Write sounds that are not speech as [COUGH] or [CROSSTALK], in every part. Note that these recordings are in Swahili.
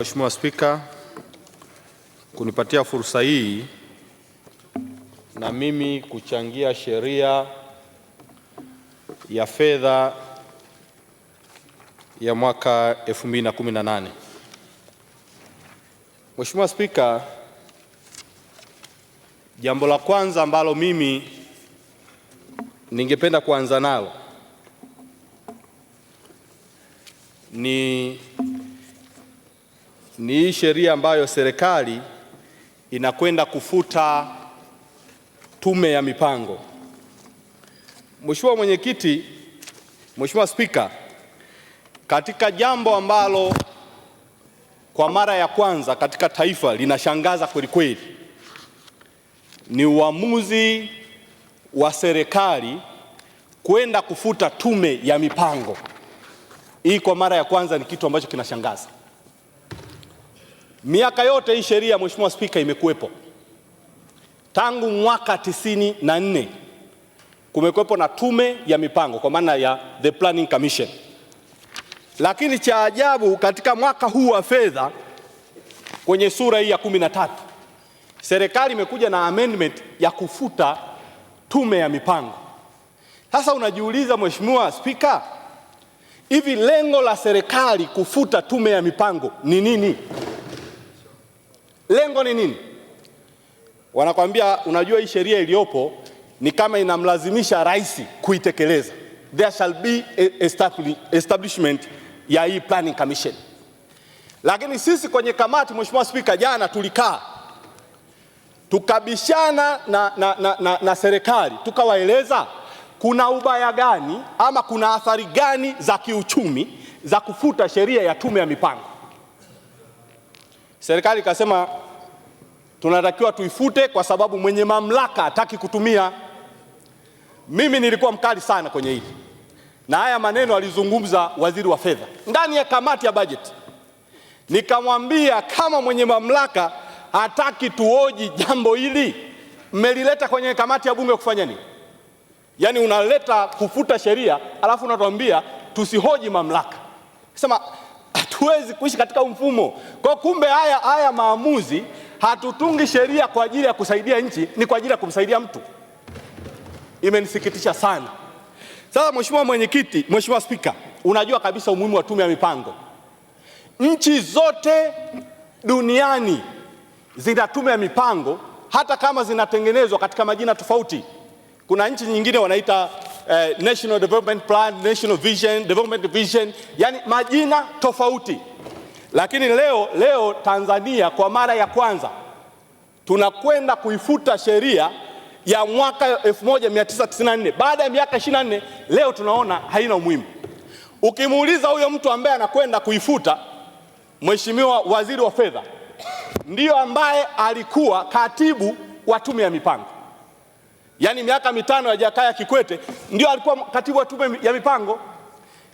Mheshimiwa Spika, kunipatia fursa hii na mimi kuchangia sheria ya fedha ya mwaka 2018. Mheshimiwa Spika, jambo la kwanza ambalo mimi ningependa kuanza nalo ni ni hii sheria ambayo serikali inakwenda kufuta tume ya mipango. Mheshimiwa Mwenyekiti, Mheshimiwa Spika, katika jambo ambalo kwa mara ya kwanza katika taifa linashangaza kweli kweli ni uamuzi wa serikali kwenda kufuta tume ya mipango. Hii kwa mara ya kwanza ni kitu ambacho kinashangaza. Miaka yote hii sheria, Mheshimiwa Spika, imekuwepo tangu mwaka tisini na nne. Kumekuwepo na tume ya mipango kwa maana ya the Planning Commission, lakini cha ajabu katika mwaka huu wa fedha kwenye sura hii ya kumi na tatu serikali imekuja na amendment ya kufuta tume ya mipango. Sasa unajiuliza Mheshimiwa Spika, hivi lengo la serikali kufuta tume ya mipango ni nini? Lengo ni nini? Wanakwambia unajua, hii sheria iliyopo ni kama inamlazimisha rais kuitekeleza. There shall be establishment ya hii planning commission. Lakini sisi kwenye kamati, Mheshimiwa Spika, jana tulikaa tukabishana na, na, na, na, na serikali tukawaeleza kuna ubaya gani ama kuna athari gani za kiuchumi za kufuta sheria ya tume ya mipango. Serikali ikasema tunatakiwa tuifute kwa sababu mwenye mamlaka hataki kutumia. Mimi nilikuwa mkali sana kwenye hili, na haya maneno alizungumza waziri wa fedha ndani ya kamati ya bajeti. Nikamwambia kama mwenye mamlaka hataki tuoji jambo hili, mmelileta kwenye kamati ya bunge kufanya nini? Yaani unaleta kufuta sheria alafu unatuambia tusihoji mamlaka sema hatuwezi kuishi katika mfumo. Kwa kumbe haya haya maamuzi, hatutungi sheria kwa ajili ya kusaidia nchi, ni kwa ajili ya kumsaidia mtu. Imenisikitisha sana. Sasa mheshimiwa mwenyekiti, mheshimiwa Spika, unajua kabisa umuhimu wa tume ya mipango. Nchi zote duniani zina tume ya mipango, hata kama zinatengenezwa katika majina tofauti. Kuna nchi nyingine wanaita eh, National Development Plan, National Vision, Development Vision, yani majina tofauti, lakini leo leo Tanzania kwa mara ya kwanza tunakwenda kuifuta sheria ya mwaka 1994 baada ya miaka 24. Leo tunaona haina umuhimu. Ukimuuliza huyo mtu ambaye anakwenda kuifuta, Mheshimiwa Waziri wa Fedha ndiyo ambaye alikuwa katibu wa Tume ya Mipango yaani miaka mitano ya Jakaya Kikwete ndio alikuwa katibu wa tume ya mipango.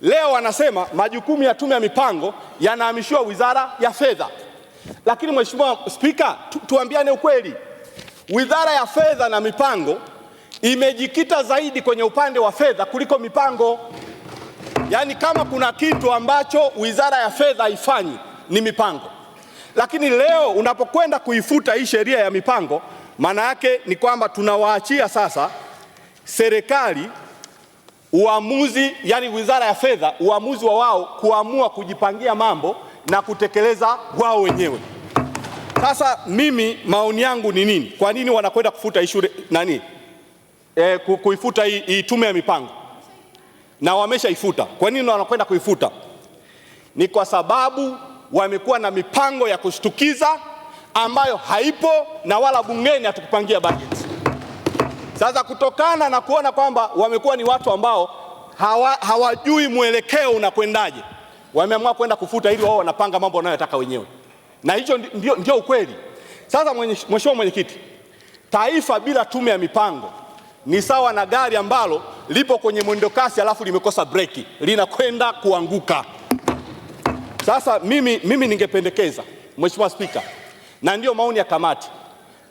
Leo wanasema majukumu ya tume ya mipango yanahamishiwa wizara ya fedha, lakini Mheshimiwa Spika, tu, tuambiane ukweli, wizara ya fedha na mipango imejikita zaidi kwenye upande wa fedha kuliko mipango. Yaani kama kuna kitu ambacho wizara ya fedha haifanyi ni mipango, lakini leo unapokwenda kuifuta hii sheria ya mipango maana yake ni kwamba tunawaachia sasa serikali uamuzi, yani wizara ya fedha, uamuzi wa wao kuamua kujipangia mambo na kutekeleza wao wenyewe. Sasa mimi maoni yangu ni nini? Kwa nini wanakwenda kufuta ishure shule nani, e, kuifuta hii tume ya mipango na wameshaifuta? Kwa nini wanakwenda kuifuta? Ni kwa sababu wamekuwa na mipango ya kushtukiza ambayo haipo na wala bungeni hatukupangia budget. Sasa kutokana na kuona kwamba wamekuwa ni watu ambao hawa, hawajui mwelekeo unakwendaje, wameamua kwenda kufuta ili wao wanapanga mambo wanayotaka wenyewe, na hicho ndio, ndio ukweli. Sasa mheshimiwa mwenyekiti, taifa bila tume ya mipango ni sawa na gari ambalo lipo kwenye mwendokasi alafu limekosa breki linakwenda kuanguka. Sasa mimi, mimi ningependekeza mheshimiwa Spika na ndiyo maoni ya kamati.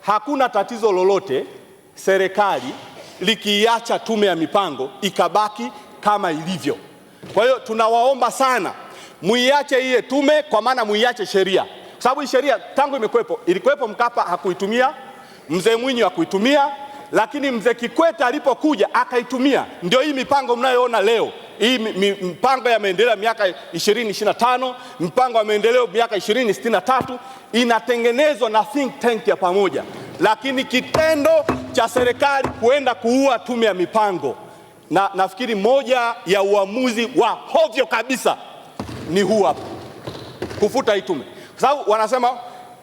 Hakuna tatizo lolote serikali likiiacha tume ya mipango ikabaki kama ilivyo. Kwa hiyo tunawaomba sana muiache hiye tume, kwa maana muiache sheria, kwa sababu hii sheria tangu imekuwepo, ilikuwepo Mkapa hakuitumia, mzee Mwinyi hakuitumia, lakini mzee Kikwete alipokuja akaitumia. Ndio hii mipango mnayoona leo hii mpango ya maendeleo miaka 2025 mpango wa maendeleo miaka 2063 inatengenezwa na think tank ya pamoja, lakini kitendo cha serikali kuenda kuua tume ya mipango, na nafikiri moja ya uamuzi wa hovyo kabisa ni huu hapa, kufuta hii tume, kwa sababu wanasema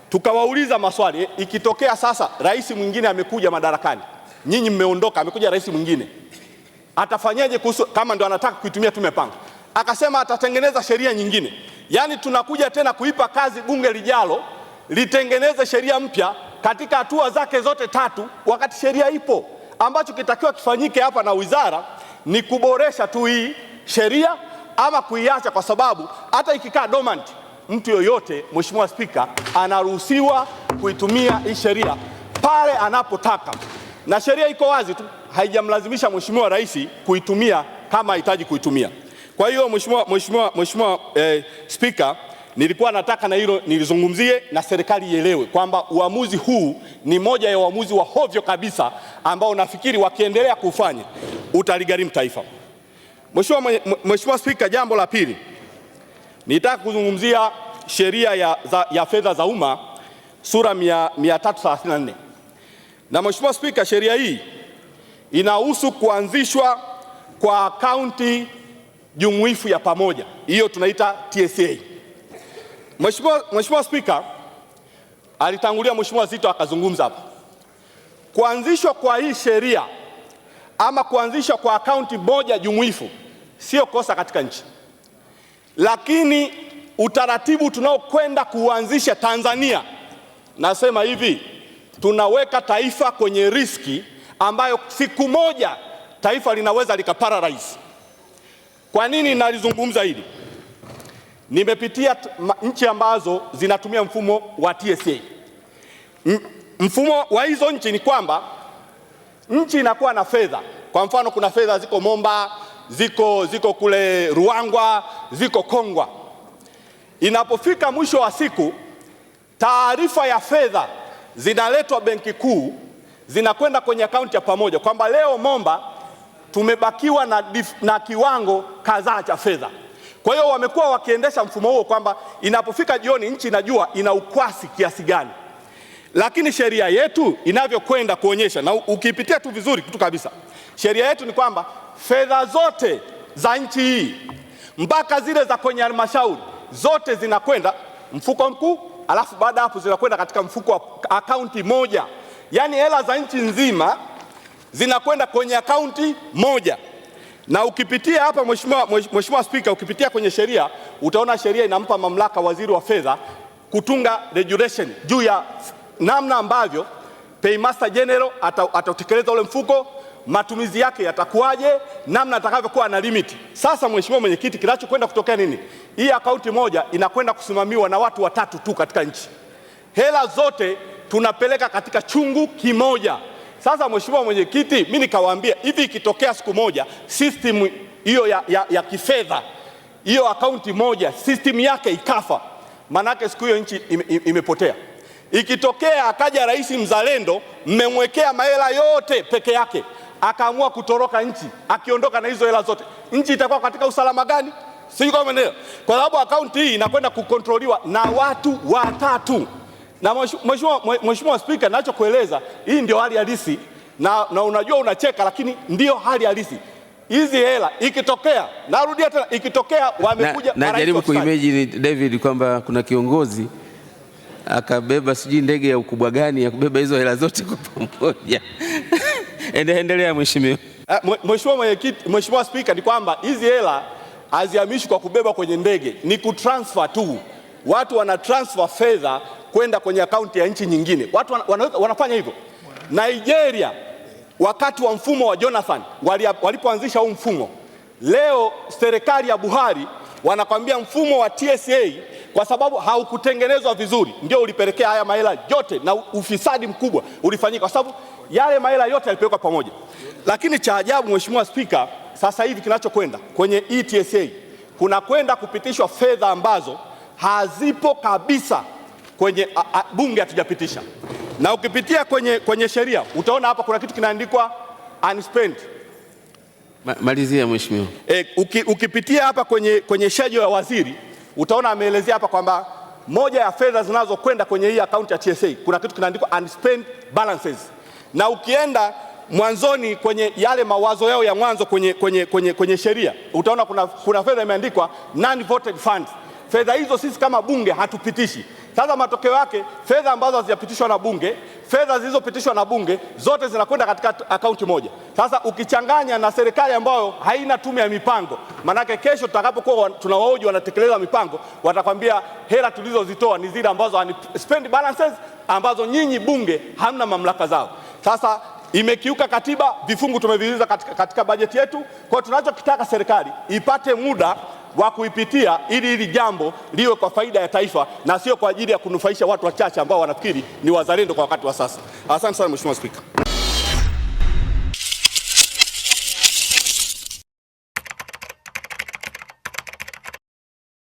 tukawauliza maswali, ikitokea sasa rais mwingine amekuja madarakani, nyinyi mmeondoka, amekuja rais mwingine atafanyaje kuhusu kama ndo anataka kuitumia tume panga? Akasema atatengeneza sheria nyingine. Yaani tunakuja tena kuipa kazi bunge lijalo litengeneze sheria mpya katika hatua zake zote tatu, wakati sheria ipo. Ambacho kitakiwa kifanyike hapa na wizara ni kuboresha tu hii sheria ama kuiacha, kwa sababu hata ikikaa dormant, mtu yoyote, Mheshimiwa Spika, anaruhusiwa kuitumia hii sheria pale anapotaka, na sheria iko wazi tu haijamlazimisha Mheshimiwa Rais kuitumia kama hahitaji kuitumia. Kwa hiyo Mheshimiwa Mheshimiwa Mheshimiwa eh, Spika, nilikuwa nataka na hilo nilizungumzie na serikali ielewe kwamba uamuzi huu ni moja ya uamuzi wa hovyo kabisa ambao nafikiri wakiendelea kufanya utaligharimu taifa. Mheshimiwa Mheshimiwa Spika, jambo la pili nitaka kuzungumzia sheria ya, ya fedha za umma sura 334 na Mheshimiwa Spika, sheria hii inahusu kuanzishwa kwa akaunti jumuifu ya pamoja, hiyo tunaita TSA. Mheshimiwa Spika, alitangulia Mheshimiwa Zito akazungumza hapa, kuanzishwa kwa hii sheria ama kuanzishwa kwa akaunti moja jumuifu sio kosa katika nchi, lakini utaratibu tunaokwenda kuanzisha Tanzania, nasema hivi tunaweka taifa kwenye riski ambayo siku moja taifa linaweza likaparalyze. Kwa nini nalizungumza hili? Nimepitia nchi ambazo zinatumia mfumo wa TSA. Mfumo wa hizo nchi ni kwamba nchi inakuwa na fedha. Kwa mfano, kuna fedha ziko Momba, ziko, ziko kule Ruangwa, ziko Kongwa. Inapofika mwisho wa siku, taarifa ya fedha zinaletwa benki kuu zinakwenda kwenye akaunti ya pamoja, kwamba leo Momba tumebakiwa na, dif, na kiwango kadhaa cha fedha. Kwa hiyo wamekuwa wakiendesha mfumo huo kwamba inapofika jioni nchi inajua ina ukwasi kiasi gani, lakini sheria yetu inavyokwenda kuonyesha na ukiipitia tu vizuri tu kabisa, sheria yetu ni kwamba fedha zote za nchi hii mpaka zile za kwenye halmashauri zote zinakwenda mfuko mkuu, alafu baada hapo zinakwenda katika mfuko wa akaunti moja yaani hela za nchi nzima zinakwenda kwenye akaunti moja, na ukipitia hapa mheshimiwa, Spika, ukipitia kwenye sheria utaona sheria inampa mamlaka waziri wa fedha kutunga regulation juu ya namna ambavyo Paymaster General atautekeleza ule mfuko, matumizi yake yatakuwaje, namna atakavyokuwa na limit. Sasa mheshimiwa mwenyekiti, kinachokwenda kutokea nini? Hii akaunti moja inakwenda kusimamiwa na watu watatu tu katika nchi. Hela zote tunapeleka katika chungu kimoja. Sasa mheshimiwa mwenyekiti, mimi nikawaambia hivi, ikitokea siku moja system hiyo ya, ya, ya kifedha hiyo akaunti moja system yake ikafa, manake siku hiyo nchi imepotea. Ikitokea akaja rais mzalendo, mmemwekea mahela yote peke yake, akaamua kutoroka nchi, akiondoka na hizo hela zote, nchi itakuwa katika usalama gani? Sijui kama umeelewa, kwa sababu akaunti hii inakwenda kukontroliwa na watu watatu. Na mheshimiwa mheshimiwa Spika, ninachokueleza hii ndio hali halisi na, na unajua unacheka, lakini ndio hali halisi. Hizi hela ikitokea, narudia tena, ikitokea wamekuja. jaribu kuimagine David kwamba kuna kiongozi akabeba sijui ndege ya ukubwa gani ya kubeba hizo hela zote kwa pamoja. [LAUGHS] Endelea mheshimiwa. Eh, mheshimiwa mwenyekiti, Mheshimiwa Spika, ni kwamba hizi hela hazihamishwi kwa kubeba kwenye ndege, ni kutransfer tu. Watu wana transfer fedha kwenda kwenye akaunti ya nchi nyingine. Watu wanafanya hivyo. Nigeria wakati wa mfumo wa Jonathan walipoanzisha huu mfumo, leo serikali ya Buhari wanakwambia mfumo wa TSA kwa sababu haukutengenezwa vizuri ndio ulipelekea haya mahela yote na ufisadi mkubwa ulifanyika, kwa sababu yale mahela yote yalipelekwa pamoja. Lakini cha ajabu, Mheshimiwa Spika, sasa hivi kinachokwenda kwenye ETSA kuna kwenda kupitishwa fedha ambazo hazipo kabisa kwenye a, a, bunge hatujapitisha, na ukipitia kwenye, kwenye sheria utaona hapa kuna kitu kinaandikwa unspent. Ma, malizia mheshimiwa. E, uki, ukipitia hapa kwenye, kwenye shejo ya waziri utaona ameelezea hapa kwamba moja ya fedha zinazokwenda kwenye hii akaunti ya TSA kuna kitu kinaandikwa unspent balances, na ukienda mwanzoni kwenye yale mawazo yao ya mwanzo kwenye, kwenye, kwenye, kwenye sheria utaona kuna, kuna fedha imeandikwa non voted funds. Fedha hizo sisi kama bunge hatupitishi. Sasa matokeo yake fedha ambazo hazijapitishwa na Bunge, fedha zilizopitishwa na Bunge zote zinakwenda katika akaunti moja. Sasa ukichanganya na serikali ambayo haina tume ya mipango, maanake kesho tutakapokuwa tunawaoji wanatekeleza mipango, watakwambia hela tulizozitoa ni zile ambazo ni spend balances ambazo nyinyi Bunge hamna mamlaka zao. Sasa imekiuka katiba, vifungu tumeviuliza katika, katika bajeti yetu. Kwa hiyo tunachokitaka serikali ipate muda wa kuipitia ili hili jambo liwe kwa faida ya taifa na sio kwa ajili ya kunufaisha watu wachache ambao wanafikiri ni wazalendo kwa wakati wa sasa. Asante sana Mheshimiwa Spika.